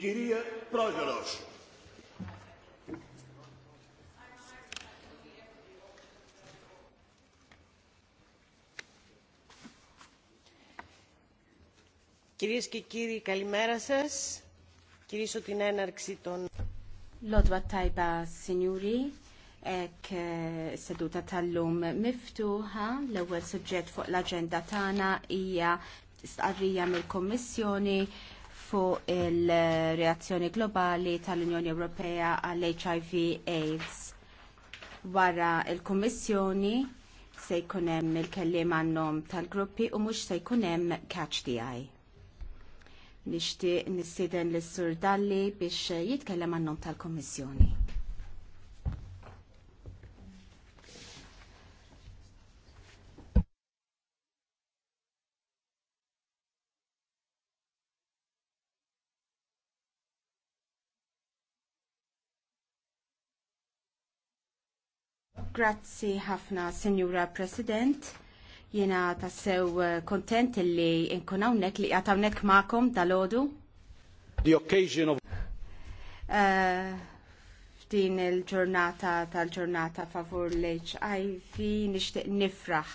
Kirija e Prozoros. Κυρίες και κύριοι, καλημέρα σας. Κυρίσω την έναρξη των... Λότβα Τάιπα, Σινιούρι, ek σε tal τα miftuħa, l-ewwel suġġett fuq l τάνα, tagħna hija με κομισιόνι, fuq il-reazzjoni globali tal-Unjoni Ewropea għall-HIV AIDS. Wara il-Kummissjoni se jkun hemm il kellim għannom tal-gruppi u mhux se jkun hemm catch the eye. Nixtieq nissiden lis sur Dalli biex jitkellem għannom tal-Kummissjoni. Grazzi ħafna, Senjura President. Jena tassew eh, kontent li nkun hawnhekk li għatawnek hawnhekk magħkom dalodu. The occasion of uh, F'din il-ġurnata tal-ġurnata favur l-HIV nixtieq nifraħ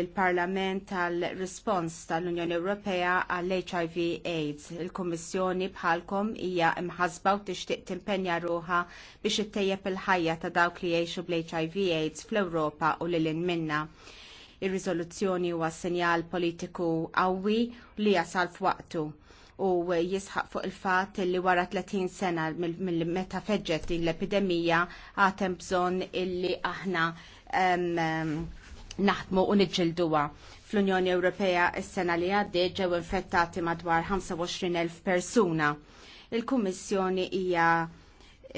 l-Parlament tal-Respons tal-Unjoni Ewropea għall-HIV AIDS. Il-Kommissjoni bħalkom hija imħasba u tixtieq timpenja ruħa biex ittejjeb il-ħajja ta' dawk li jgħixu bl-HIV AIDS fl-Ewropa u lil minna. Ir-riżoluzzjoni huwa sinjal politiku qawwi li jasal f'waqtu u jisħaq fuq il-fat li wara 30 sena mill-meta feġġet l-epidemija għatem bżon illi aħna um, um, naħdmu u niġġilduha. Fl-Unjoni Ewropea s-sena li għaddej ġew infettati madwar 25,000 persuna. Il-Kummissjoni hija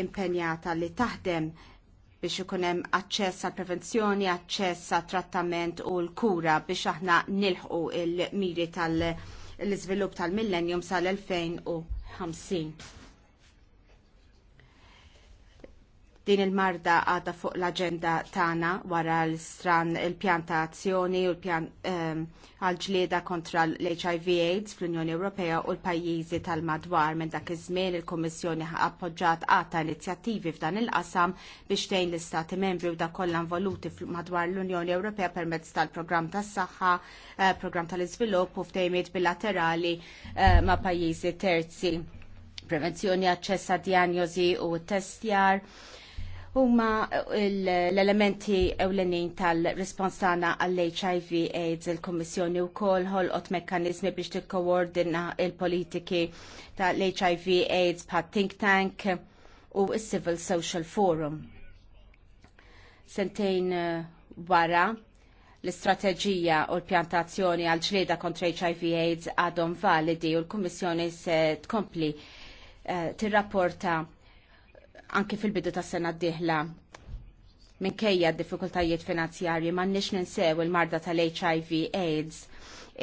impenjata li taħdem biex ikun hemm aċċess għal prevenzjoni, aċċess għal trattament u l-kura biex aħna nilħqu il-miri tal-iżvilupp tal-millennium sal-2050 Din il-marda għada fuq l-agenda tagħna wara l-stran il azzjoni u l-pjan ehm, għal-ġlieda kontra l-HIV AIDS fl-Unjoni Ewropea u l-pajjiżi tal-madwar minn dak iż-żmien il-Kummissjoni appoġġat għata inizjattivi f'dan il-qasam biex tgħin l-Istati membri u dakollha involuti madwar l-Unjoni Ewropea permezz tal-programm tas-saħħa, eh, programm tal-iżvilupp u ftejmiet bilaterali eh, ma' pajjiżi terzi prevenzjoni, aċċess għad diagnosi u testjar, huma l-elementi ewlenin tal responsana tagħna għall-HIV AIDS il-Kummissjoni wkoll ħolqot mekkanizmi biex tikkoordina il-politiki tal-HIV AIDS pa' think tank u s-Civil Social Forum. Sentejn uh, wara l-istrateġija u l-pjantazzjoni għal ġlieda kontra HIV AIDS għadhom validi u l-Kummissjoni se tkompli uh, tirrapporta anki fil-bidu ta' sena d-dihla minkejja d-diffikultajiet finanzjarji ma' nix ninsew il-marda tal-HIV AIDS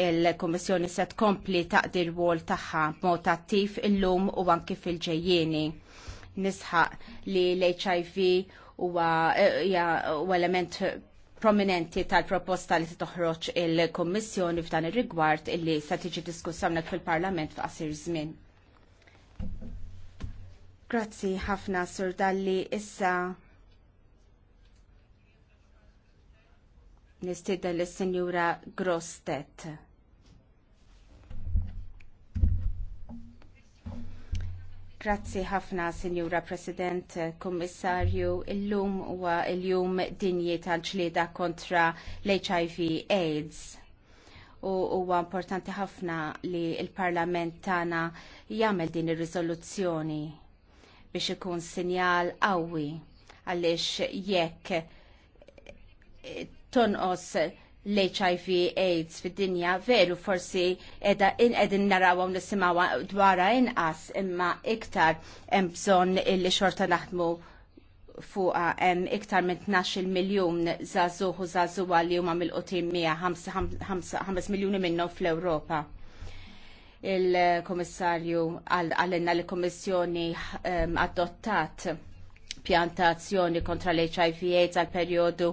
il-Kommissjoni se tkompli taqdir wol tagħha mod attiv illum u anki fil-ġejjieni. Nisħaq li l-HIV eh, huwa element prominenti tal-proposta li toħroġ il komissjoni f'dan ir-rigward illi se tiġi diskussawnek fil-Parlament f'qasir żmien. Grazzi ħafna Sur Dalli issa nistidda l senjura Grostet. Grazzi ħafna, Sinjura President, Kommissarju. Illum huwa l-jum dinji tal-ġlieda kontra l-HIV AIDS. U huwa importanti ħafna li l-Parlament tagħna jagħmel din ir-riżoluzzjoni biex ikun sinjal qawwi għaliex jekk tonqos l-HIV AIDS fid-dinja veru forsi edha in edin narawhom nisimawa dwara inqas imma iktar hemm bżonn illi xorta naħdmu fuqa hemm iktar minn 12 miljun żagħżugħ zazuwa li huma mill-qutim 100 5 miljuni minnhom fl-Ewropa il-Komissarju għallenna l-Komissjoni adottat pjantazzjoni kontra l-HIV AIDS għal periodu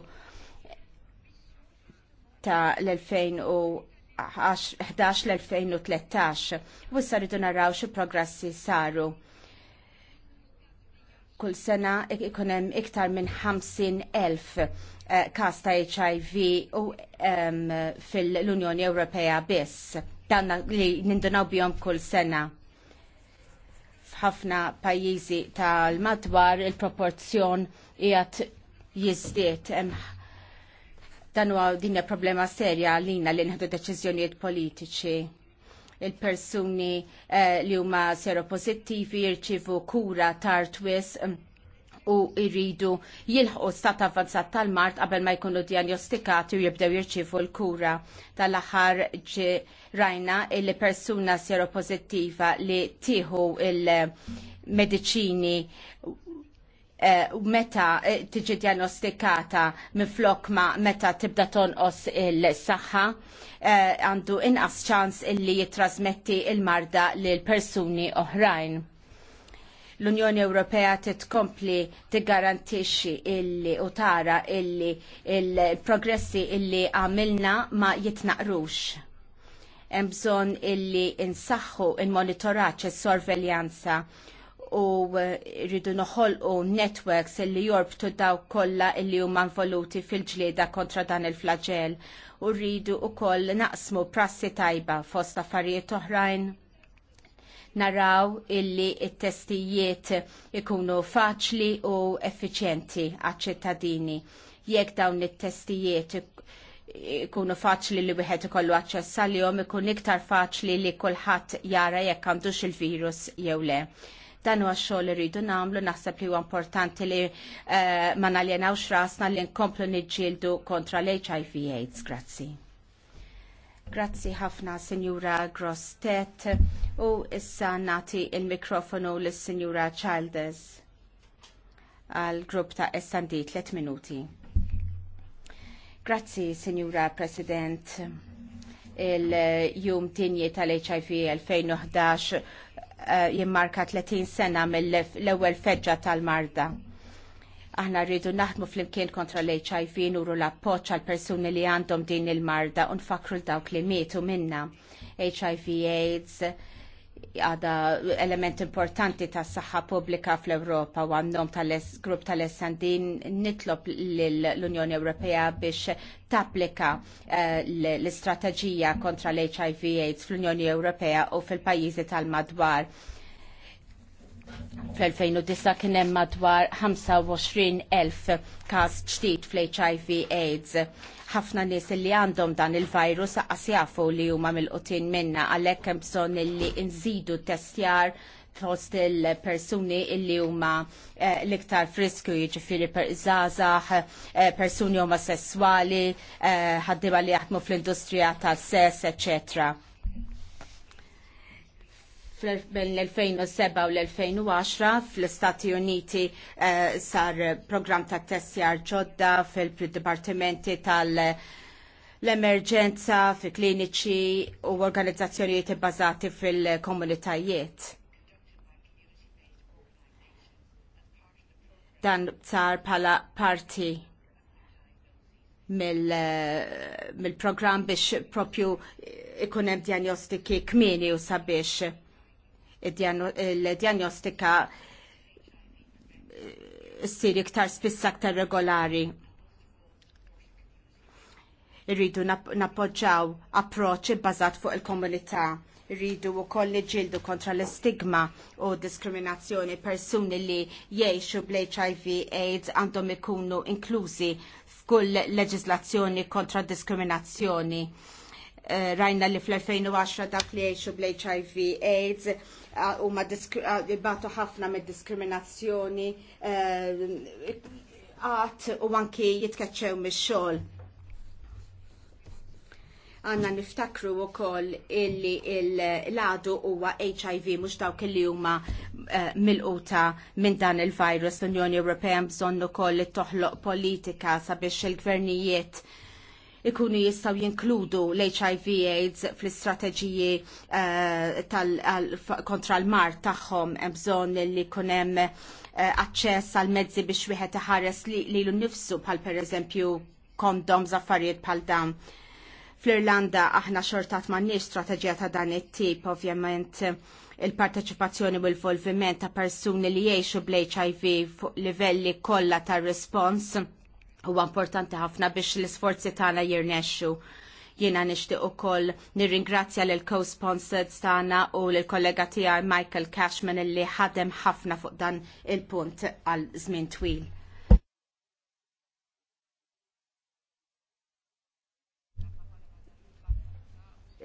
ta' l-2011 l-2013. Wissa rridu naraw xi progressi saru. Kull sena ikun hemm iktar minn 50 elf Eh, kas ta' HIV u um, fil-Unjoni Ewropea biss Danna li nindunaw bihom kull sena. F'ħafna pajjiżi tal-madwar il-proporzjon qiegħed jiżdied dan huwa din problema serja għalina li nħadu deċiżjonijiet politiċi il-persuni eh, li huma seropozittivi jirċivu kura tartwis um, u jridu jilħu stat avanzat tal-mart qabel ma jkunu djanjostikati u jibdew jirċivu l-kura. Tal-aħħar ġi rajna illi persuna seropozittiva li tieħu il-medicini eh, meta eh, tiġi diagnostikata flok ma meta tibda tonqos il-saħħa eh, għandu inqas ċans illi jitrasmetti il-marda lil persuni oħrajn l-Unjoni Ewropea titkompli tiggarantixxi illi u tara illi il-progressi illi għamilna ma jitnaqrux. Hemm bżonn illi insaħħu il-monitoraġġ is-sorveljanza u rridu noħolqu networks illi jorbtu daw kollha illi huma involuti fil-ġlieda kontra dan il-flagell u rridu wkoll naqsmu prassi tajba fost affarijiet oħrajn naraw illi il testijiet ikunu faċli u effiċjenti għal ċittadini Jekk dawn it-testijiet ikunu faċli li wieħed ikollu aċċess għalihom ikun iktar faċli li kulħadd jara jekk għandux il-virus jew le. Dan huwa xogħol rridu nagħmlu naħseb li huwa importanti li eh, ma naljenawx rasna li nkomplu niġġieldu kontra l-HIV AIDS. Grazzi. Grazzi ħafna, Sinjura Grostet. U issa nati il-mikrofonu l-Sinjura Childers għal grupp ta' SD 3 minuti. Grazzi, Sinjura President. Il-jum dinji tal-HIV 2011 jimmarka 30 sena mill-ewwel feġġa tal-marda Aħna rridu naħdmu flimkien kontra l-HIV nuru l-appoċ għal persuni li għandhom din il-marda u nfakru l-dawk li mietu minna. HIV AIDS għada element importanti ta' saħħa pubblika fl-Europa u għandhom tal-grupp tal-Essandin nitlob l-Unjoni Ewropea biex tapplika eh, l istrategija kontra l-HIV AIDS fl-Unjoni Ewropea u fil-pajjiżi tal-madwar Fl-2009 kien hemm madwar 25,000 każ ġdid fl-HIV AIDS. Ħafna nies li għandhom dan il-virus aqas jafu li huma mill-qutin minna għalhekk hemm bżonn li nżidu testjar fost il-persuni illi huma eh, l-iktar frisku jiġifieri per zazax, eh, persuni omosessuali, eh, ħaddiba li jaħdmu fl-industrija tal-sess, eccetera bejn l-2007 u l-2010 fl-Istati Uniti eh, sar program ta' testjar ġodda fil-Dipartimenti tal- l-emerġenza fi kliniċi u organizzazzjonijiet bazati fil-komunitajiet. Dan sar pala parti mill-program mil biex propju ikunem diagnostiki kmini u sabiex il-diagnostika eh, ssir iktar spiss aktar regolari. Rridu nappoġġaw approċi bbażat fuq il-komunità. Irridu wkoll ġildu kontra l-istigma u diskriminazzjoni persuni li jgħixu bl-HIV AIDS għandhom ikunu inklużi f'kull leġislazzjoni kontra diskriminazzjoni Eh, rajna li fl-2010 dak li jgħixu bl-HIV AIDS eh, u ma dibatu eh, ħafna mid diskriminazzjoni għat u anki jitkaċċew mix-xogħol għanna niftakru u koll illi l-għadu huwa HIV mux dawk li huma uh, mil-quta minn dan il-virus l-Unjoni Ewropea bżonnu koll li toħloq politika sabiex il-gvernijiet ikunu jistaw jinkludu l-HIV AIDS fl-istrateġiji uh, kontra l-mar tagħhom hemm bżonn li jkun hemm uh, aċċess għal mezzi biex wieħed iħares lilu nnifsu bħal pereżempju kondom affarijiet bħal dan. Fl-Irlanda aħna xortat m'għandniex strateġija ta' dan it-tip, ovvjament il-parteċipazzjoni u l-volviment ta' persuni li jgħixu bl-HIV fuq livelli kollha tar-respons huwa importanti ħafna biex l-isforzi tagħna jirnexxu. Jiena nixtieq ukoll nirringrazzja lil co-sponsors tagħna u lil kollega tiegħi Michael Cashman illi ħadem ħafna fuq dan il-punt għal żmien twil.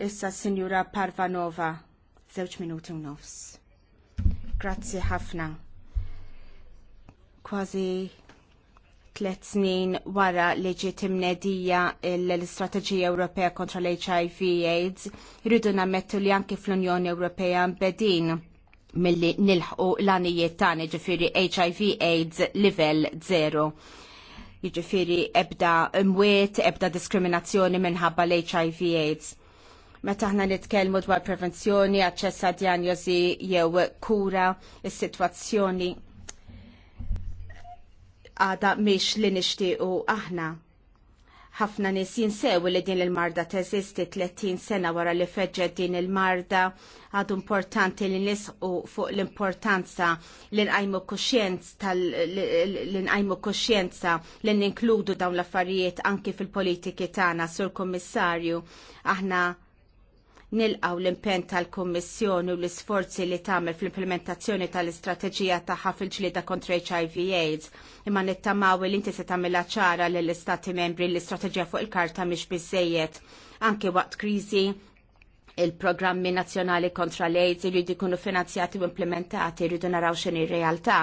Issa Sinjura Parvanova, żewġ minuti u nofs. Grazzi ħafna. Kważi tlet snin wara li ġiet imnedija l-Istrateġija Ewropea kontra l-HIV AIDS, rridu nammettu li anki fl-Unjoni Ewropea mbedin milli nilħqu l-għanijiet tani ġifiri HIV AIDS level 0. Jiġifieri ebda mwiet, ebda diskriminazzjoni minħabba l-HIV AIDS. Meta aħna nitkellmu dwar prevenzjoni, aċċess għad jew kura, is-sitwazzjoni għada miex li nixtiequ aħna. Ħafna nies jinsew li din il-marda teżisti 30 sena wara li feġġed din il-marda għadu importanti li nisqu fuq l-importanza li nqajmu kuxjenz li nqajmu kuxjenza li ninkludu dawn l-affarijiet anki fil-politiki tagħna sur kummissarju aħna nilqaw l-impen tal-Kommissjoni u l-isforzi li tagħmel fl-implementazzjoni tal-istrateġija tagħha fil-ġlieda kontra HIV AIDS imma nittamaw li inti se tagħmilha ċara lill istati membri l-istrateġija fuq il-karta mhix biżejjed anke waqt kriżi il-programmi nazjonali kontra l-AIDS irridu jkunu finanzjati u implementati, irridu naraw xini realtà,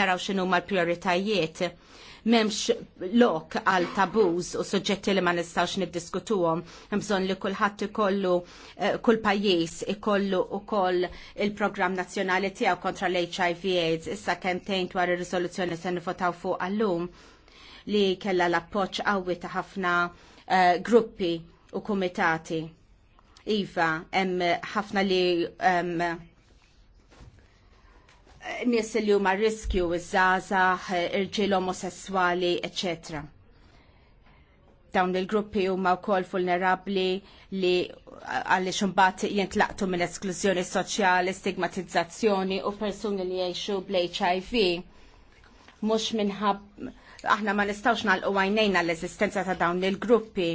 naraw xinu ma l-prioritajiet. Memx lok għal tabuż u soġġetti li ma nistawx niddiskutuhom, bżonn li kulħadd ikollu eh, kull pajjiż ikollu wkoll il-programm nazzjonali tiegħu kontra l-HIV AIDS issa kemm tgħid dwar ir-riżoluzzjoni se nifotaw fuq għallum li kellha l-appoġġ qawwi ta' ħafna eh, gruppi u kumitati Iva, hemm ħafna li um, nies li huma riskju iż-żgħażagħ, irġiel omosessuali, eċċetera dawn il-gruppi huma wkoll vulnerabbli li għaliex imbagħad jintlaqtu minn esklużjoni soċjali, stigmatizzazzjoni u persuni li jgħixu bl-HIV. Mhux minħabba aħna ma nistgħux nagħlqu għajnejna l-eżistenza ta' dawn il-gruppi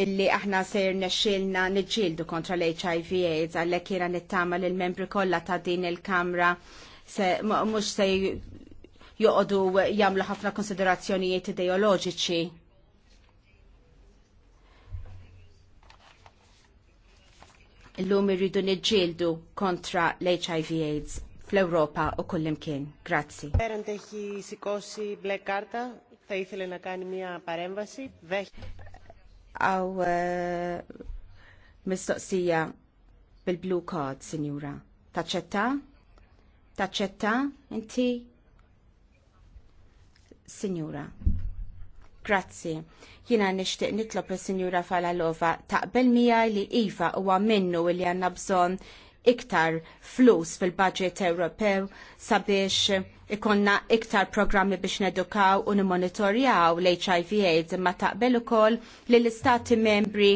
illi aħna ser nexxilna niġġieldu kontra l-HIV AIDS għallek jiena nittama l membri kollha ta' din il-kamra mhux se joqogħdu jagħmlu ħafna konsiderazzjonijiet ideoloġiċi Illum irridu niġġieldu kontra l-HIV AIDS fl-Europa u kullimkien. Grazzi. Πέραν έχει σηκώσει μπλε κάρτα, θα ήθελε να κάνει μια παρέμβαση għaw eh, mistoqsija bil-blue card, signora. Taċċetta? Taċċetta? Inti? Signora. Grazzi. Jina nishtiq nitlob il-Sinjura Falalova taqbel mija li Iva huwa minnu li għanna bżon iktar flus fil-budget Ewropew sabiex ikonna iktar programmi biex nedukaw u nimonitorjaw l-HIV AIDS imma taqbel ukoll li l-istati membri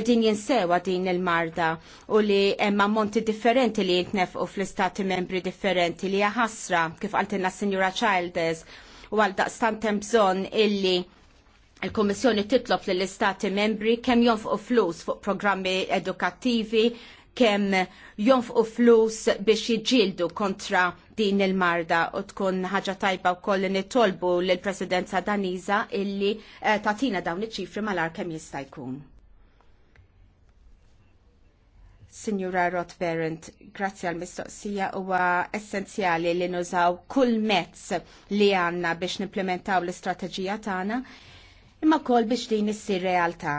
edin jinsewa din il-marda u li emma monti differenti li jintnefqu fl-istati membri differenti li jaħasra kif għaltinna Signora Childers u għal daqstantem bżon illi il-Kommissjoni titlob lill istati membri kemm jonfqu flus fuq programmi edukattivi kemm jonfqu flus biex jiġġieldu kontra din il-marda u tkun ħaġa tajba u koll nittolbu l-presidenza daniza illi eh, tatina dawn iċ-ċifri mal-ar kemm jista' jkun. Signora Rothberend, grazzi għal mistoqsija huwa essenzjali li nużaw kull mezz li għanna biex nimplementaw l-istrateġija tagħna imma kol biex din issir realtà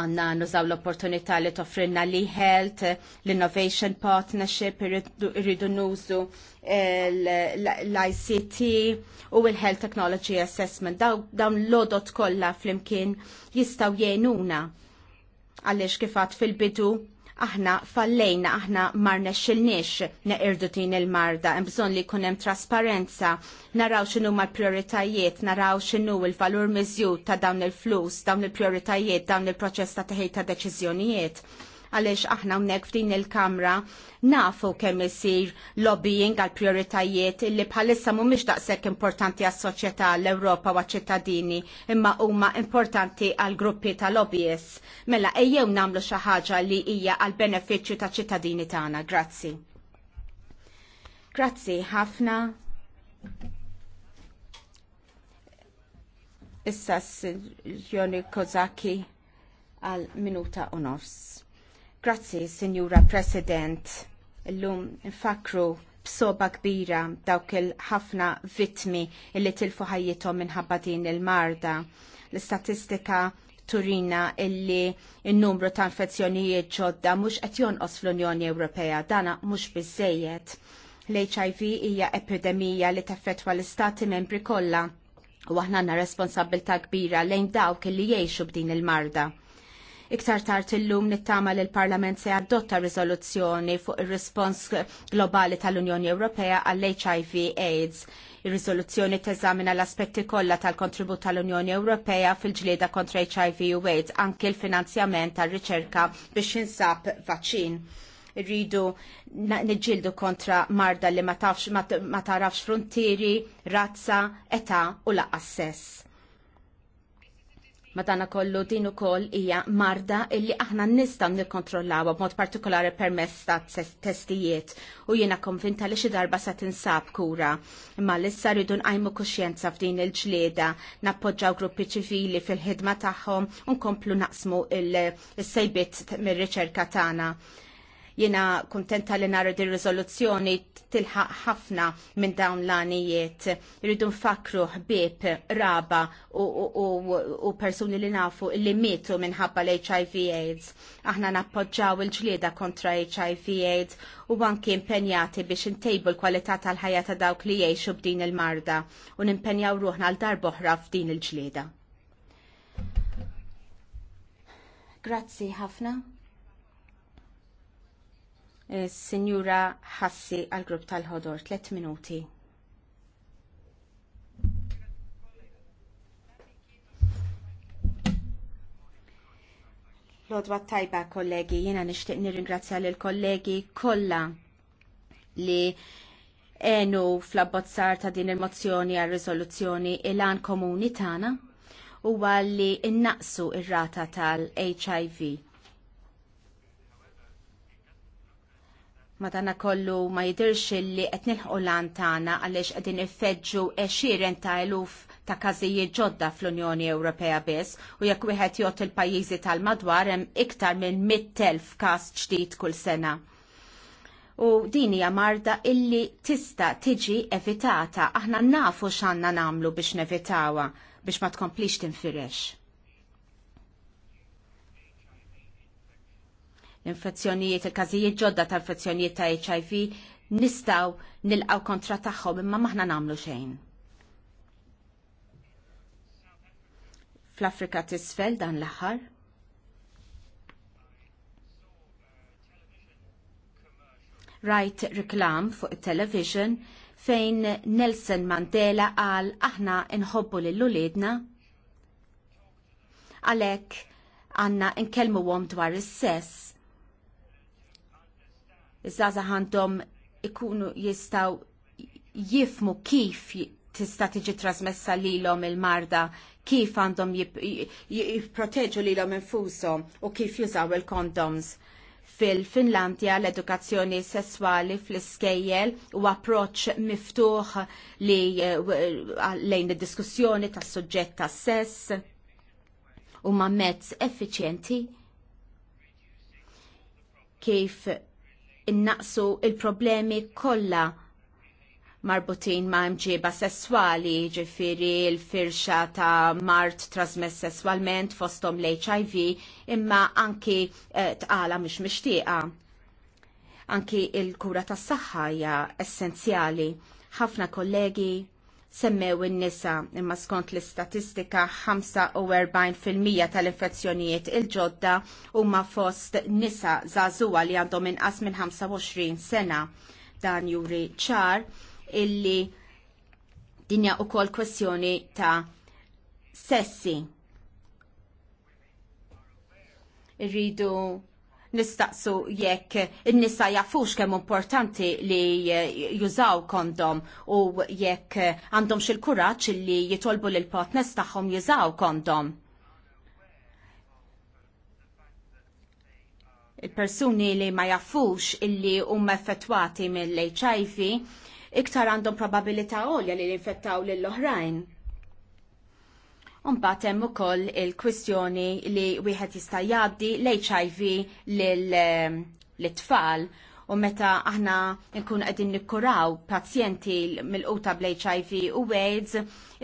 għanna nużaw l-opportunità li toffrinna li health, l-innovation partnership, irridu nużu eh, l-ICT u l-health technology assessment. Dawn l-odot kolla fl-imkien jistaw jenuna għalix kifat fil-bidu aħna fallejna, aħna marna xilniex neqirdu din il-marda, mbżon li kunem trasparenza, naraw xinu ma prioritajiet, naraw xinu il-valur mizju ta' dawn il-flus, dawn il-prioritajiet, dawn il-proċess ta' teħej ta' deċizjonijiet għaliex aħna hawnhekk f'din il-Kamra nafu kemm isir lobbying għal prioritajiet li bħalissa mhumiex daqshekk importanti għas-soċjetà l-Ewropa u ċittadini imma huma importanti għal gruppi ta' lobbyists. Mela ejjew nagħmlu xi ħaġa li hija għal benefiċċju ta' ċittadini tagħna. Grazzi. Grazzi ħafna. Issa s-Joni Kozaki għal minuta u nofs. Grazzi, Signora President. Illum nfakru b'soba kbira dawk il-ħafna vittmi illi tilfu ħajjithom minħabba din il-marda. L-istatistika turina illi n numru ta' infezzjonijiet ġodda mhux qed jonqos fl-Unjoni Ewropea, dana mhux biżejjed. L-HIV hija epidemija li teffettwa l-istati membri kollha u aħna għandna responsabilità kbira lejn dawk illi jgħixu b'din il-marda. Iktar tard illum nittama li l-Parlament se adotta riżoluzzjoni fuq ir-rispons globali tal-Unjoni Ewropea għall-HIV AIDS. Ir-riżoluzzjoni teżamina l-aspetti kollha tal-kontribut tal-Unjoni Ewropea fil-ġlieda kontra HIV u AIDS anke l-finanzjament tar-riċerka biex jinsab vaċċin rridu nġildu kontra marda li ma tarafx frontieri, razza, età u laqqas sess Madana kollu din ukoll hija marda illi aħna nistgħu nikkontrollawha b'mod partikolari permess ta' testijiet u jiena konvinta li xi darba se tinsab kura. Imma issa rridu nqajmu kuxjenza f'din il-ġlieda, nappoġġaw gruppi ċivili fil-ħidma tagħhom u nkomplu naqsmu il-sejbit mir-riċerka tagħna. Jena kontenta li nara di rizoluzzjoni tilħaq ħafna minn dawn l-għanijiet. Rridu nfakru ħbib, raba u, u, u, u persuni li nafu li mitu minħabba l-HIV AIDS. Aħna nappoġġaw il-ġlieda kontra HIV AIDS u għanki impenjati biex intejbu l-kwalità tal-ħajja ta' dawk li jgħixu b'din il-marda u nimpenjaw ruħna għal darboħra f'din il-ġlieda. Grazzi ħafna. Signora Hassi għal-grupp tal-ħodor, 3 minuti. Lodwa tajba kollegi, jena nishtiq nirringrazzja l kollegi kolla li enu fl-abbozzar ta' din il-mozzjoni għal rizoluzzjoni il-għan komuni tana u għalli innaqsu ir-rata tal-HIV madana kollu ma jidirx li qed nilħu lan tagħna għaliex qegħdin iffeġġu għexieren ta' eluf ta' każijiet ġodda fl-Unjoni Ewropea biss u jekk wieħed jgħod il-pajjiżi tal-madwar hemm iktar minn 100,000 każ ġdid kull sena. U din hija marda illi tista' tiġi evitata aħna nafu x'għandna nagħmlu biex nevitawha biex ma tkomplix tinfirex. L-infezzjonijiet, il-każijiet ġodda ta' infezzjonijiet ta' HIV nistaw nilqaw kontra tagħhom imma maħna nagħmlu xejn. Fl-Afrika tisfel dan l-aħħar. Rajt reklam fuq television fejn Nelson Mandela għal aħna inħobbu l ulidna għalek għanna inkelmu għom dwar is-sess iż-żaza għandhom ikunu jistaw jifmu kif tista' tiġi trasmessa lilhom il-marda, kif għandhom jipproteġu lilhom infushom u kif jużaw il-kondoms. Fil-Finlandja l-edukazzjoni sessuali fl-iskejjel u approċ miftuħ li eh, lejn id-diskussjoni tas suġġett tas sess u ma' mezz effiċjenti kif innaqsu il-problemi kollha marbutin ma' mġiba sessuali, ġifiri l-firxa ta' mart trasmess sessualment fostom l-HIV, imma anki eh, tqala mhux mixtieqa. Anki il-kura tas saħħa hija essenzjali. Ħafna kollegi semmew in-nisa imma skont l-istatistika 45% tal-infezzjonijiet il-ġodda huma fost nisa zazuwa li għandhom inqas minn 25 sena. Dan juri ċar illi dinja u kol kwestjoni ta' sessi. Irridu nistaqsu jekk in-nisa jafux kemm importanti li eh, jużaw kondom u jekk eh, għandhom xil kuraġġ li jitolbu l partners tagħhom jużaw kondom. Il-persuni li ma jafux illi huma effettwati mill-HIV iktar għandhom probabilita għolja li l-infettaw lill oħrajn Unbat hemm ukoll il-kwistjoni li wieħed jista' jgħaddi l-HIV lit ehm, tfal u meta aħna nkun qegħdin nikkuraw pazjenti mill-quta bl-HIV u AIDS,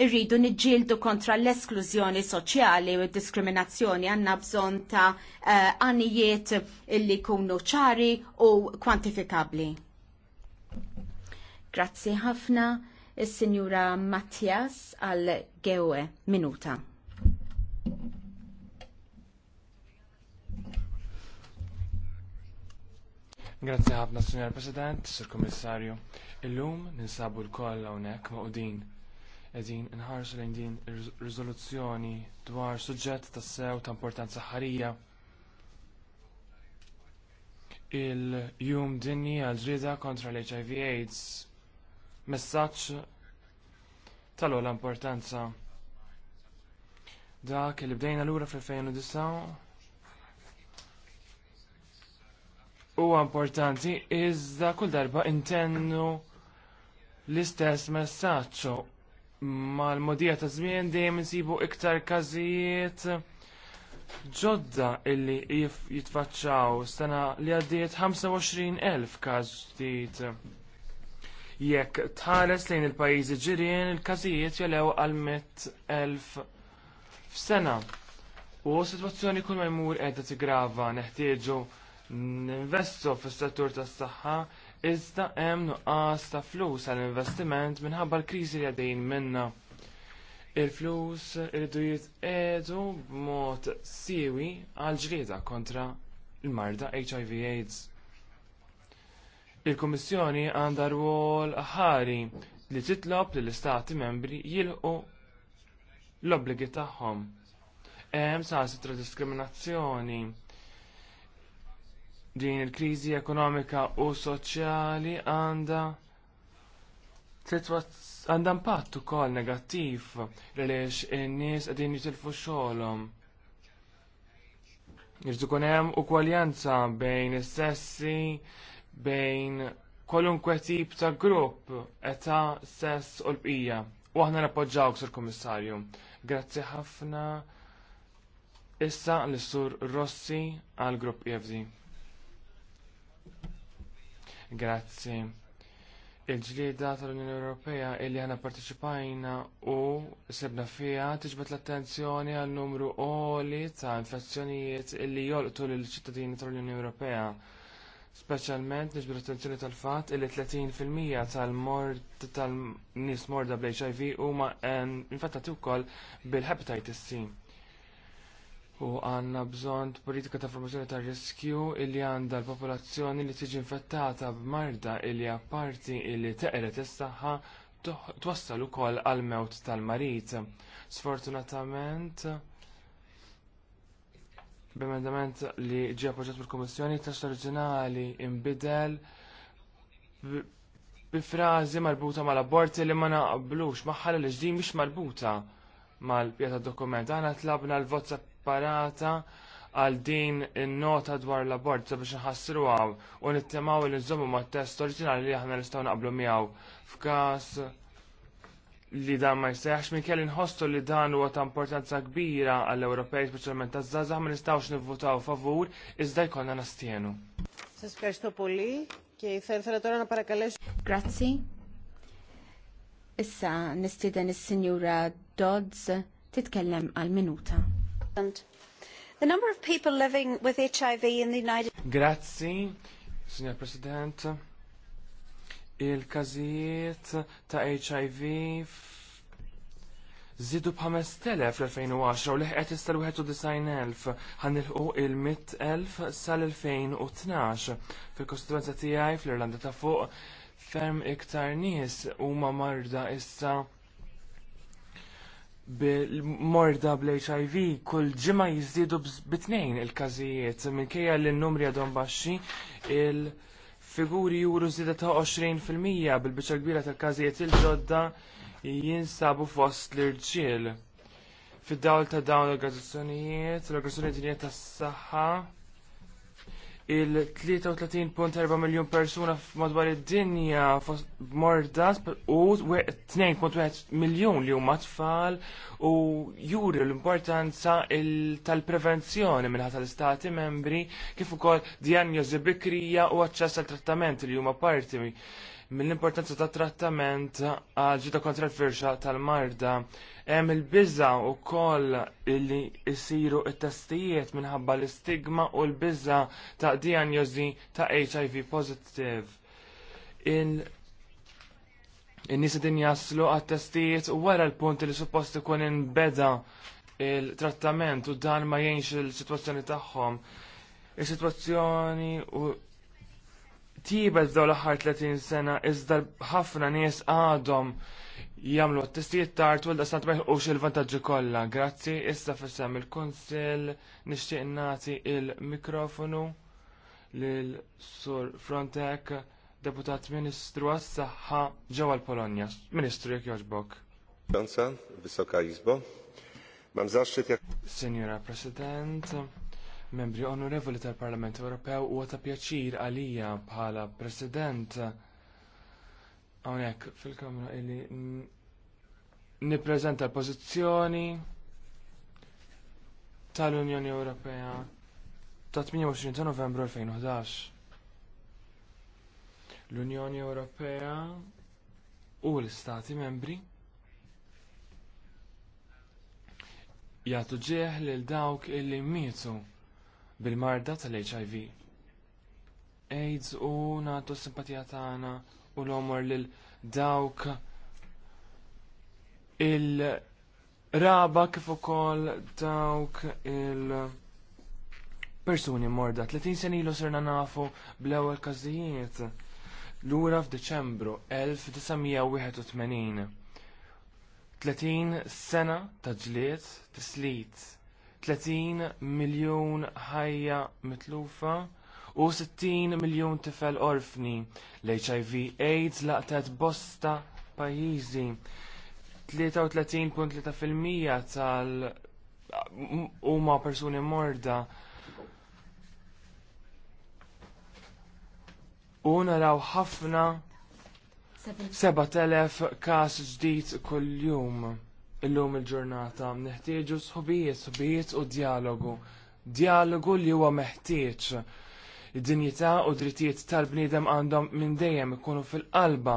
irridu niġġieldu kontra l-esklużjoni soċjali u d-diskriminazzjoni għandna bżonn ta' eh, għanijiet illi jkunu ċari u kwantifikabbli. Grazzi ħafna il-Sinjura Mattias għal Gewe Minuta. Grazie ħafna, Sinjor President, Sir Kommissarju. Illum ninsabu l-koll hawnhekk din. qegħdin nħarsu lejn din riżoluzzjoni dwar suġġett tas sew ta' importanza ħarija. Il-jum dinji għal ġrieda kontra l-HIV AIDS messaġġ tal-ola importanza. Dak li bdejna lura fl-2009 huwa importanti iżda kull darba intennu l-istess messaġġ mal-modija ta' żmien dejjem insibu iktar każijiet ġodda illi jitfaċċaw sena li għaddiet 25,000 każ ġdid Jekk tħares lejn il-pajjiżi ġirien il-każijiet jelew għal elf f'sena. U situazzjoni kull ma jmur qiegħda tigrava neħtieġu ninvestu fis-settur tas-saħħa iżda hemm nuqqas ta' flus għall-investiment minħabba l-kriżi li għaddejjin minnha il-flus irridu jitqedu b'mod siwi għal ġrieda kontra l-marda HIV AIDS. Il-Kummissjoni għandha rwol ħari li titlob li l-Istati membri jilqu l-obbligi tagħhom. Hemm sa sitra diskriminazzjoni din il-kriżi ekonomika u soċjali għandha għandha impatt ukoll negattiv għaliex in-nies qegħdin jitilfu xogħolhom. Irdu kun hemm ukwaljanza bejn is-sessi, bejn kolunkwe tip ta' grupp, età, sess u l-bqija. U aħna nappoġġawk sur komissarju. Grazzi ħafna issa l-sur Rossi għal grupp EFD. Grazzi. Il-ġlieda tal-Unjoni Ewropea illi għana parteċipajna u sebna fija tiġbet l-attenzjoni għal numru oli ta' infezzjonijiet illi jolqtu l-ċittadini tal-Unjoni Ewropea Speċjalment nġbru attenzjoni tal-fatt li 30% tal mort tal-nies morda bl-HIV huma infettati wkoll bil-hepatitis C. U għandna bżonn politika ta' formazzjoni ta' riskju illi għandha l-popolazzjoni li tiġi infettata b'marda illi apparti illi teqret is-saħħa twassal ukoll għal mewt tal-marit. Sfortunatament, b'emendament li ġie appoġġjat mill-Kummissjoni tax oriġinali imbidel bi frażi marbuta mal-aborti li ma naqblux maħħal li ġdin mhix marbuta mal-pjata dokument. Aħna tlabna l-vot separata għal din in-nota dwar l-abort sabiex nħassru għaw u nittemaw li nżommu mat-test oriġinali li aħna nistgħu naqblu miegħu f'każ li dan ma jsejħx minn kelli nħossu li dan huwa ta' importanza kbira għall ewropej speċjalment taż-żgħażagħ ma nistgħux nivvutaw favur iżda jkollna nastienu. Grazzi. Issa nistieden is-Sinjura Dodds titkellem għal minuta. The number of people living with HIV in the United Grazzi, Signor President il-każijiet ta' HIV zidu b'5,000 fl-2010 u liħqet l 91,000 ħanilħu il-100,000 sal-2012 fil-kostituenza tiegħi fl-Irlanda ta' fuq ferm iktar nies huma marda issa bil-morda bl-HIV kull ġimma jizidu bitnejn il każijiet minkejja li n-numri għadhom baxxi il- figuri juru zida ta' 20% bil-biċa kbira tal-każijiet il-ġodda jinsabu fost l-irġiel. Fid-dawl ta' dawn l-organizzazzjonijiet, l-organizzazzjonijiet tas-saħħa il-33.4 miljon persuna f'madwar id-dinja morda u 2.1 miljon li huma tfal u juri l-importanza tal-prevenzjoni minn tal-istati membri kif ukoll dijanjosi bikrija u aċċess għal trattamenti li huma parti mill-importanza ta' trattament għal ġita kontra l-firxa tal-marda. Hemm il-biża wkoll li jsiru t-testijiet minħabba l-istigma u l-biża ta' diagnosi ta' HIV positive. Il In-nies din jaslu għat-testijiet wara l-punt li suppost ikun inbeda il-trattament u dan ma jenx il-sitwazzjoni tagħhom. Is-sitwazzjoni u tibet daw l ħar 30 sena iżda ħafna nies għadhom jagħmlu t-testijiet tard u l-dasant ma jħuqux il-vantaġġi kollha. Grazzi, issa fissam il konsil nixtieq nati il-mikrofonu lil Sur Frontek deputat Ministru għas-Saħħa ġewwa l-Polonja. Ministru jekk jogħġbok. Wisoka Izbo. Mam zaszczyt jak... Senjora President, membri onorevoli tal-Parlament Ewropew huwa ta' pjaċir għalija bħala President hawnhekk fil-Kamra illi nippreżenta l-pożizzjoni tal-Unjoni Ewropea ta' 28 ta' Novembru 2011. L-Unjoni Ewropea u l-Stati membri jagħtu ġieħ lil dawk illi mietu bil-marda tal-HIV. AIDS u natu simpatija tagħna u l-omor lil dawk il-raba kif ukoll dawk il- persuni morda 30 sen ilu sirna nafu bl-ewwel każijiet. Lura f'Diċembru 1981. 30 sena ta' ġlied tislit 30 miljon ħajja mitlufa u 60 miljon tifel orfni. L-HIV AIDS laqtet bosta pajjiżi. 33.3% tal huma persuni morda u naraw ħafna 7000 każ ġdid kuljum illum il-ġurnata neħtieġu sħobijiet, sħobijiet u dialogu. Dialogu li huwa meħtieġ. Id-dinjità u drittijiet tal-bniedem għandhom minn dejjem ikunu fil-qalba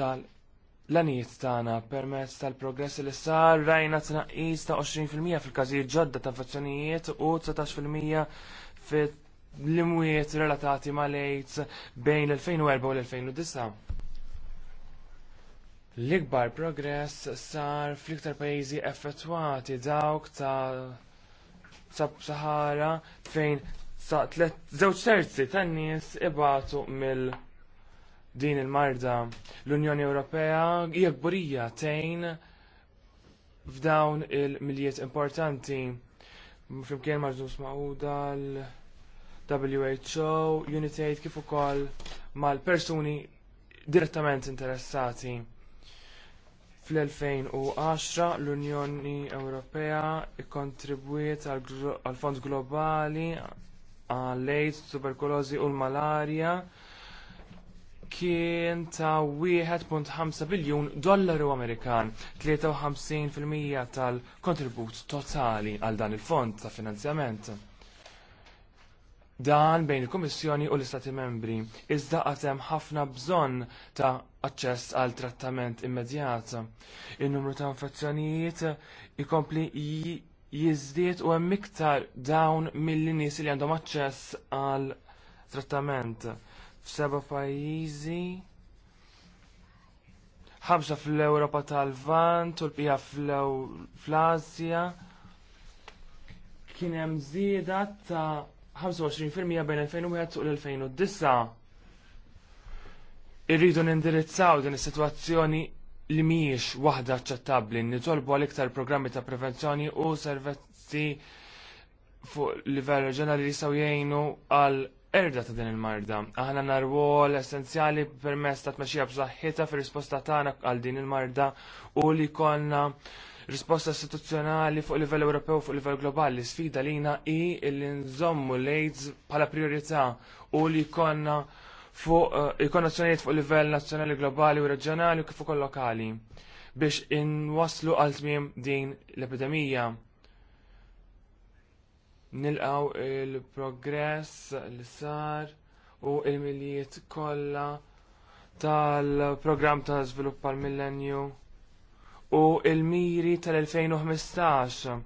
tal-lanijiet tagħna permezz tal-progress li sar rajna tnaqqis ta' 20% fil-każijiet ġodda ta' fazzjonijiet u 19% fit l-imwiet relatati mal-AIDS bejn l-2004 u l-2009 L-ikbar progress sar fl-iktar pajjiżi effettwati dawk ta' sab-Sahara fejn sa' żewġ terzi tan-nies ibatu mill- din il-marda. L-Unjoni Ewropea hija tejn f'dawn il-miljiet importanti. Flimkien maġnus ma'uda l-WHO, UNITAID kif ukoll mal-persuni direttament interessati. Fl-2010 l-Unjoni Ewropea kkontribwiet għal Fond Globali għal-AIDS, tuberkulożi u l-malarja kien ta' 1.5 biljun dollaru Amerikan, 53% tal-kontribut totali għal dan il-fond ta' finanzjament dan bejn il-Kummissjoni u l-Istati membri. Iżda għatem ħafna bżonn ta' aċċess għal trattament immedjat. Il-numru ta' infezzjonijiet ikompli jizdiet u hemm iktar dawn mill-nies li għandhom aċċess għal trattament. F'seba' pajjiżi ħabsa fl-Ewropa tal-Vant u l-bija fl-Asja kien hemm żieda ta' 25% bejn 2001 u l-2009. Irridu nindirizzaw din is-sitwazzjoni li mhijiex waħda aċċettabbli nitolbu għal iktar programmi ta' prevenzjoni u servizzi fuq livell reġjonali li jistgħu jgħinu għal erda ta' din il-marda. Aħna narwol essenzjali permess ta' tmexxija b'saħħitha fir-risposta tagħna għal din il-marda u li konna risposta istituzzjonali fuq livell Ewropew fuq livell globali. Sfida jina i li nżommu l-AIDS bħala priorità u li jkollna fuq ikonazzjoniet eh, fuq livell nazzjonali, globali u reġjonali u kif ukoll lokali biex inwaslu għal tmiem din l-epidemija. Nilqaw il-progress li sar u il-miliet kollha tal-programm ta' żvilupp għal millenju u il-miri tal-2015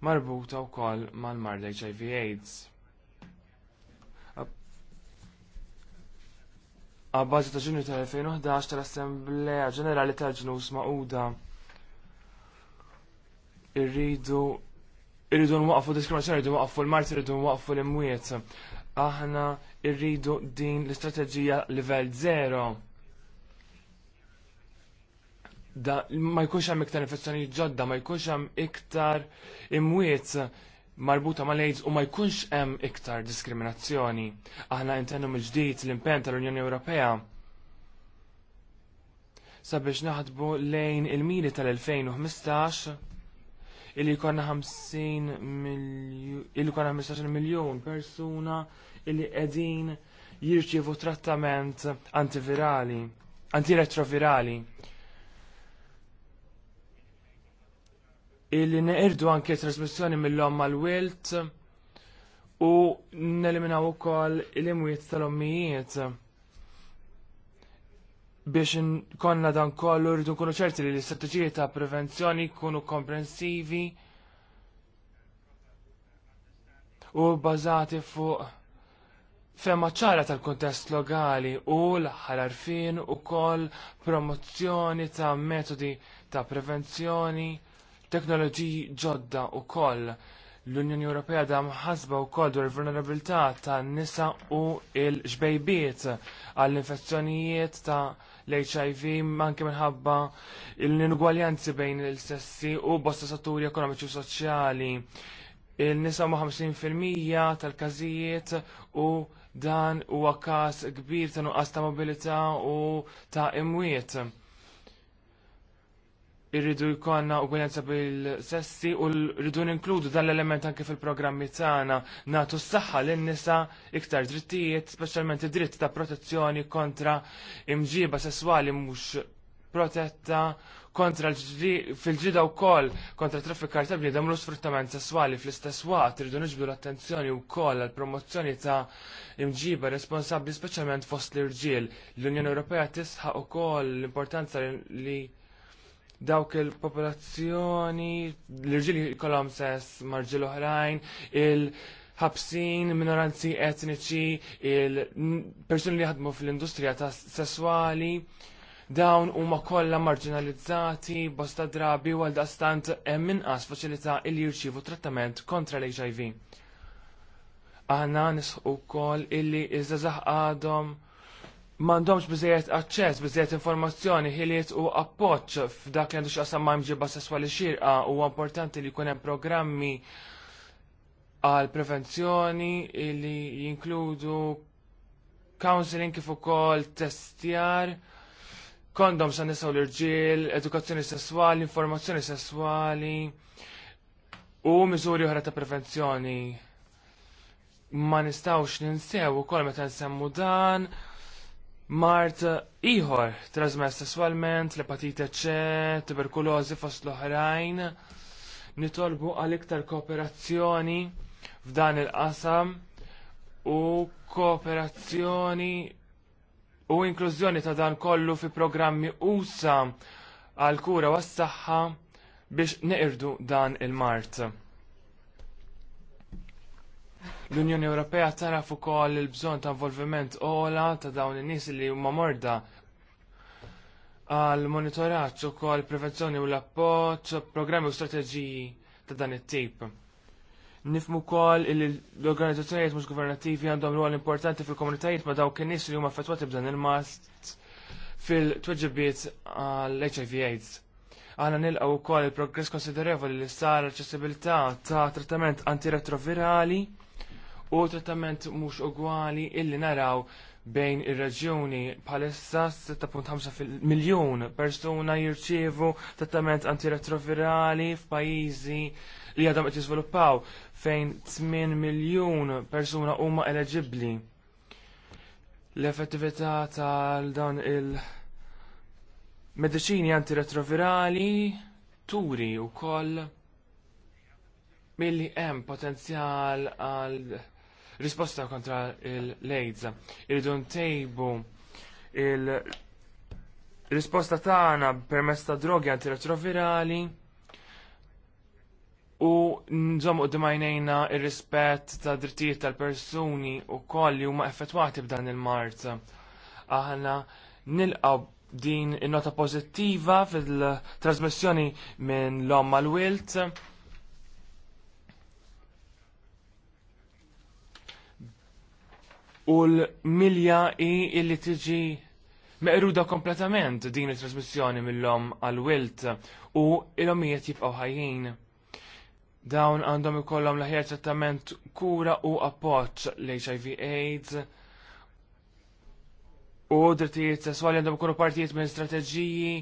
marbuta wkoll mal-marda HIV AIDS. Għabbażi ta' ġunju tal-2011 tal-Assemblea Ġenerali tal-Ġnus Mauda irridu irridu nwaqfu diskriminazzjoni, irridu nwaqfu l-marti, irridu nwaqfu l-imwiet. Aħna irridu din l-istrateġija livell zero da ma jkunx hemm iktar infezzjoni ġodda, ma jkunx hemm iktar imwiet marbuta ma l u ma jkunx hemm iktar diskriminazzjoni. Aħna intennu mill-ġdid l-impenn tal-Unjoni Ewropea sabiex naħdbu lejn il-miri tal-2015 illi konna 50 miljon, illi konna 15 miljon persuna illi qegħdin jirċievu trattament antivirali, antiretrovirali. illi neqirdu anke trasmissjoni mill lom mal-wilt u neliminaw ukoll l-imwiet tal-ommijiet. Biex konna dan kollu rridu nkunu ċerti li l-istrateġiji ta' prevenzjoni jkunu komprensivi u bazati fuq femma ċara tal-kontest lokali u l-ħararfin u kol promozzjoni ta' metodi ta' prevenzjoni teknoloġiji ġodda u koll. L-Unjoni Ewropea da mħasba u koll dwar vulnerabilità ta' nisa u il-ġbejbiet għall-infezzjonijiet ta' l-HIV manke minħabba l-inugwaljanzi bejn il-sessi u bosta saturi ekonomiċi u soċjali. Il-nisa ma' 50% tal-każijiet u dan huwa każ kbir ta' nuqqas ta' mobilità u ta' imwiet irridu jkollna ugwaljanza bil-sessi u rridu ninkludu dan l-element anke fil-programmi tagħna nagħtu s-saħħa lin-nisa iktar drittijiet, speċjalment id-dritt ta' protezzjoni kontra imġiba sesswali mhux protetta kontra fil-ġida u kol kontra traffikar ta' bniedem u sfruttament sessuali fl-istess waqt irridu nġbdu l-attenzjoni u kol għal promozzjoni ta' imġiba responsabbli speċjalment fost l-irġiel. L-Unjoni Ewropea tisħaq u kol l-importanza li dawk il-popolazzjoni, l-irġili kolom sess marġil oħrajn, il-ħabsin, minoranzi etniċi, il-persuni li ħadmu fl-industrija ta' sessuali, dawn huma kollha marginalizzati bosta drabi u għaldaqstant hemm inqas faċilità li jirċievu trattament kontra l-HIV. Aħna nisħu wkoll illi ż żazax għadhom mandomx bizzejet aċċess, bizzejet informazzjoni, ħiliet u appoċ f'dak li għandu xaqsam ma' mġibba sesswali xirqa u importanti li kunem programmi għal prevenzjoni li jinkludu counseling kif ukoll testjar, kondom sa' nisaw l-irġiel, edukazzjoni sessuali, informazzjoni sessuali u miżuri oħra ta' prevenzjoni. Ma nistawx ninsew ukoll meta nsemmu dan Mart iħor, trasmess sessualment, l-epatite C, tuberkulozi fost l-oħrajn, nitolbu għal iktar kooperazzjoni f'dan il-qasam u kooperazzjoni u inklużjoni ta' dan kollu fi programmi USA għal kura was saħħa biex neqirdu dan il-Mart. L-Unjoni Ewropea taraf ukoll il-bżonn ta' involviment ola ta' dawn in-nies li huma morda għal monitoraġġ koll prevenzjoni u l-appoġġ, programmi u strateġiji ta' dan it-tip. Nifmu kol l-organizzazzjonijiet mhux governattivi għandhom rwol importanti fil-komunitajiet ma dawk in-nies li huma affettwati b'dan il-mast fil-tweġibiet għall-HIV AIDS. Għana nilqaw ukoll il-progress konsiderevoli li sar aċċessibilità ta' trattament antiretrovirali u trattament mhux ugwali illi naraw bejn ir-reġjuni bħalissa 6.5 miljun persuna jirċievu trattament antiretrovirali f'pajjiżi li għadhom qed jiżviluppaw fejn 8 miljun persuna huma eleġibbli. L-effettività tal dan il- Mediċini antiretrovirali turi u koll milli hemm potenzjal għal risposta kontra l-AIDS. Irridu ntejbu il-risposta tagħna permezz ta' drogi antiretrovirali u nżommu d għajnejna il-rispett ta' drittijiet tal-persuni u koll li huma effettwati b'dan il-mart. Aħna nilqgħu din nota pożittiva fil-trasmissjoni minn l omma mal-wilt u l-milja i illi tiġi meqruda kompletament din it-trasmissjoni mill-lom għal-wilt u il-omijiet jibqaw ħajjin. Dawn għandhom ikollhom l-ħjar trattament kura u appoċ l-HIV AIDS u drittijiet sessuali għandhom ikunu partijiet minn strateġiji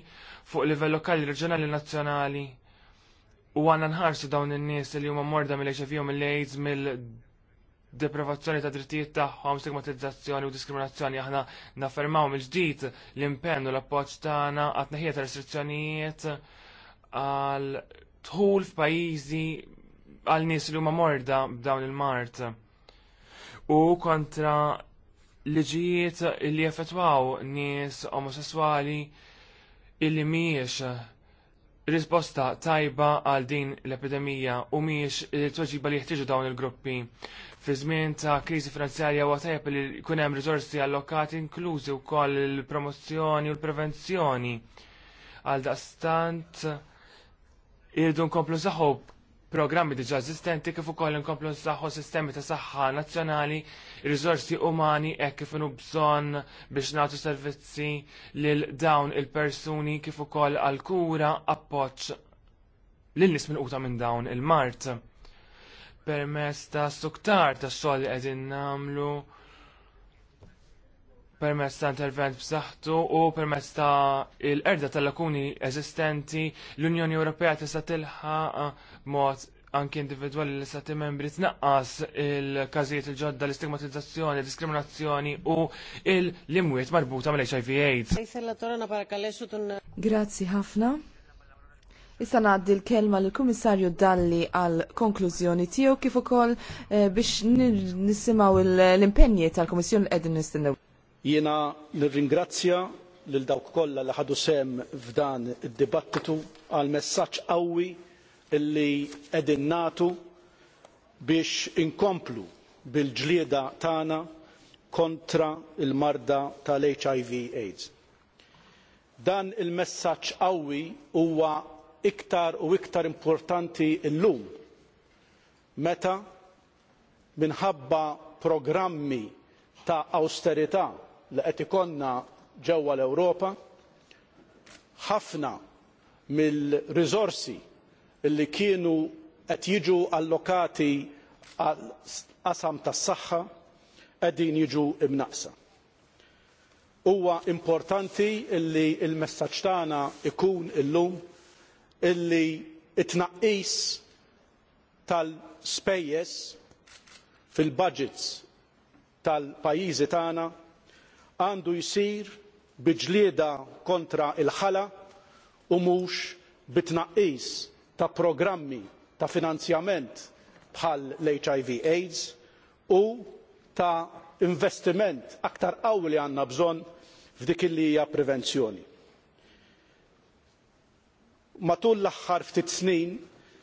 fuq livell lokali, reġjonali, nazzjonali. U għanna nħarsu dawn in-nies li huma morda mill-HIV u mill-AIDS mill deprivazzjoni ta' drittijiet tagħhom, stigmatizzazzjoni u diskriminazzjoni aħna naffermaw mill-ġdid l-impenn u l-appoġġ tagħna għat naħija ta' restrizzjonijiet għal tħul f'pajjiżi għal nies li huma morda b'dawn il-mart. U kontra liġijiet li jaffetwaw nies omosessuali illi mhijiex risposta tajba għal din l-epidemija u miex il-tweġiba li jħtieġu dawn il-gruppi fi żmien ta' kriżi finanzjarja huwa tajjeb li jkun hemm riżorsi allokati inklużi wkoll il-promozzjoni u l-prevenzjoni. Għal daqstant irdu nkomplu saħħu programmi diġà eżistenti kif ukoll inkomplu nsaħħu sistemi ta' saħħa nazzjonali, rizorsi umani hekk kif inhu bżonn biex nagħtu servizzi lil dawn il-persuni kif ukoll għal kura appoġġ lil nies uta minn dawn il-mart permess ta' suktar ta' xogħol li qegħdin nagħmlu permess ta' intervent b'saħħtu u permess ta' il-erda tal-lakuni eżistenti l-Unjoni Ewropea tista' tilħaq mod anki individwali li l-Sati membri tnaqqas il-każijiet il-ġodda l-istigmatizzazzjoni, diskriminazzjoni u il-limwiet marbuta mal-HIV AIDS. Grazzi ħafna. Issa naddi l-kelma lill kummissarju Dalli għal konklużjoni tiegħu kif ukoll eh, biex nisimgħu l-impenji tal-Kummissjoni qegħdin nistennew. Jiena nirringrazzja lil dawk kollha li ħadu sem f'dan id-dibattitu għal messaġġ qawwi illi qegħdin nagħtu biex inkomplu bil-ġlieda tagħna kontra l marda tal-HIV AIDS. Dan il-messaġġ qawwi huwa iktar u iktar importanti llum meta minħabba programmi ta' awsterità li qed ikollna ġewwa l-Ewropa ħafna mill-riżorsi li kienu qed jiġu allokati għal qasam tas-saħħa qegħdin jiġu imnaqsa. Huwa importanti li l-messaġġ tagħna ikun illum illi t tnaqqis tal-spejjeż fil-budgets tal-pajjiżi tagħna għandu jsir biġlieda kontra l ħala u mhux bit-tnaqqis ta' programmi ta' finanzjament bħal l-HIV AIDS u ta' investiment aktar qawwi li għandna bżonn f'dik illi hija prevenzjoni matul l-aħħar ftit snin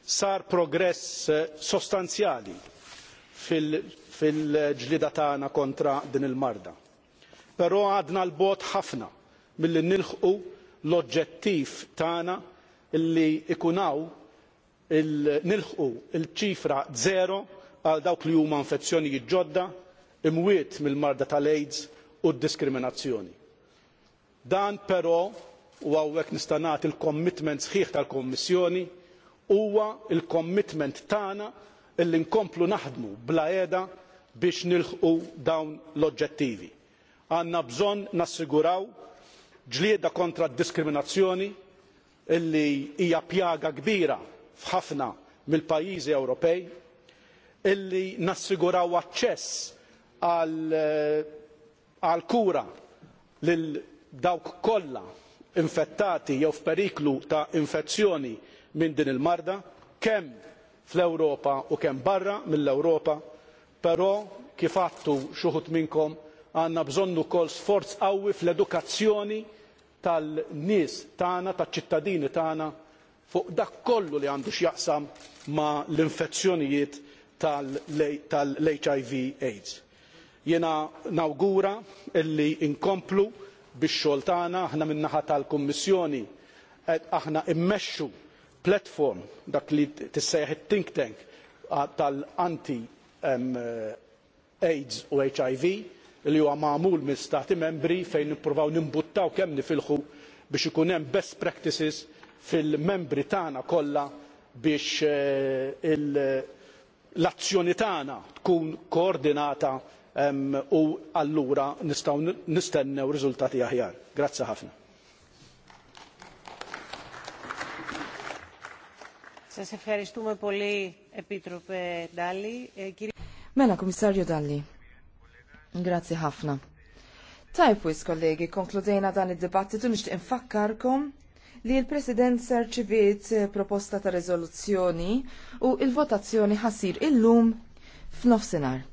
sar progress eh, sostanzjali fil-ġlida tagħna kontra din il-marda. Però għadna l-bot ħafna milli nilħqu l-oġġettiv tagħna illi ikunaw nilħqu il-ċifra żero għal dawk li huma infezzjonijiet ġodda imwiet mill-marda tal-AIDS u d-diskriminazzjoni. Dan però u hawnhekk nista' nagħti l-commitment sħiħ tal-Kummissjoni huwa l commitment tagħna illi nkomplu naħdmu bla qiegħda biex nilħqu dawn l-oġġettivi. Għandna bżonn nassiguraw ġlieda kontra d-diskriminazzjoni illi hija pjaga kbira f'ħafna mill-pajjiżi Ewropej, illi nassiguraw aċċess għal eh, kura lil dawk kollha infettati jew f'periklu ta' infezzjoni minn din il-marda kemm fl-Ewropa u kemm barra mill-Ewropa, però kif għattu xi wħud minnkom għandna bżonn ukoll sforz qawwi fl-edukazzjoni tan-nies tagħna taċ-ċittadini tagħna fuq dak kollu li għandu x'jaqsam ma' l-infezzjonijiet tal-HIV AIDS. Jiena nawgura illi inkomplu biex xogħol tagħna aħna min-naħa tal-Kummissjoni aħna immexxu platform dak li tissejjaħ think tank tal-anti eh, AIDS u HIV li huwa magħmul minn stati membri fejn nippruvaw nimbuttaw kemm nifilħu biex ikun hemm best practices fil-membri tagħna kollha biex eh, l-azzjoni tagħna tkun koordinata u allura nistgħu nistennew riżultati aħjar. Grazzi ħafna. Σας ευχαριστούμε Dalli. Grazzi ħafna. Tajpwis, kollegi, konkludejna dan id-dibattitu nixtieq nfakkarkom li l-President serċiviet proposta ta' riżoluzzjoni u l votazzjoni ħassir illum f'nofsinhar.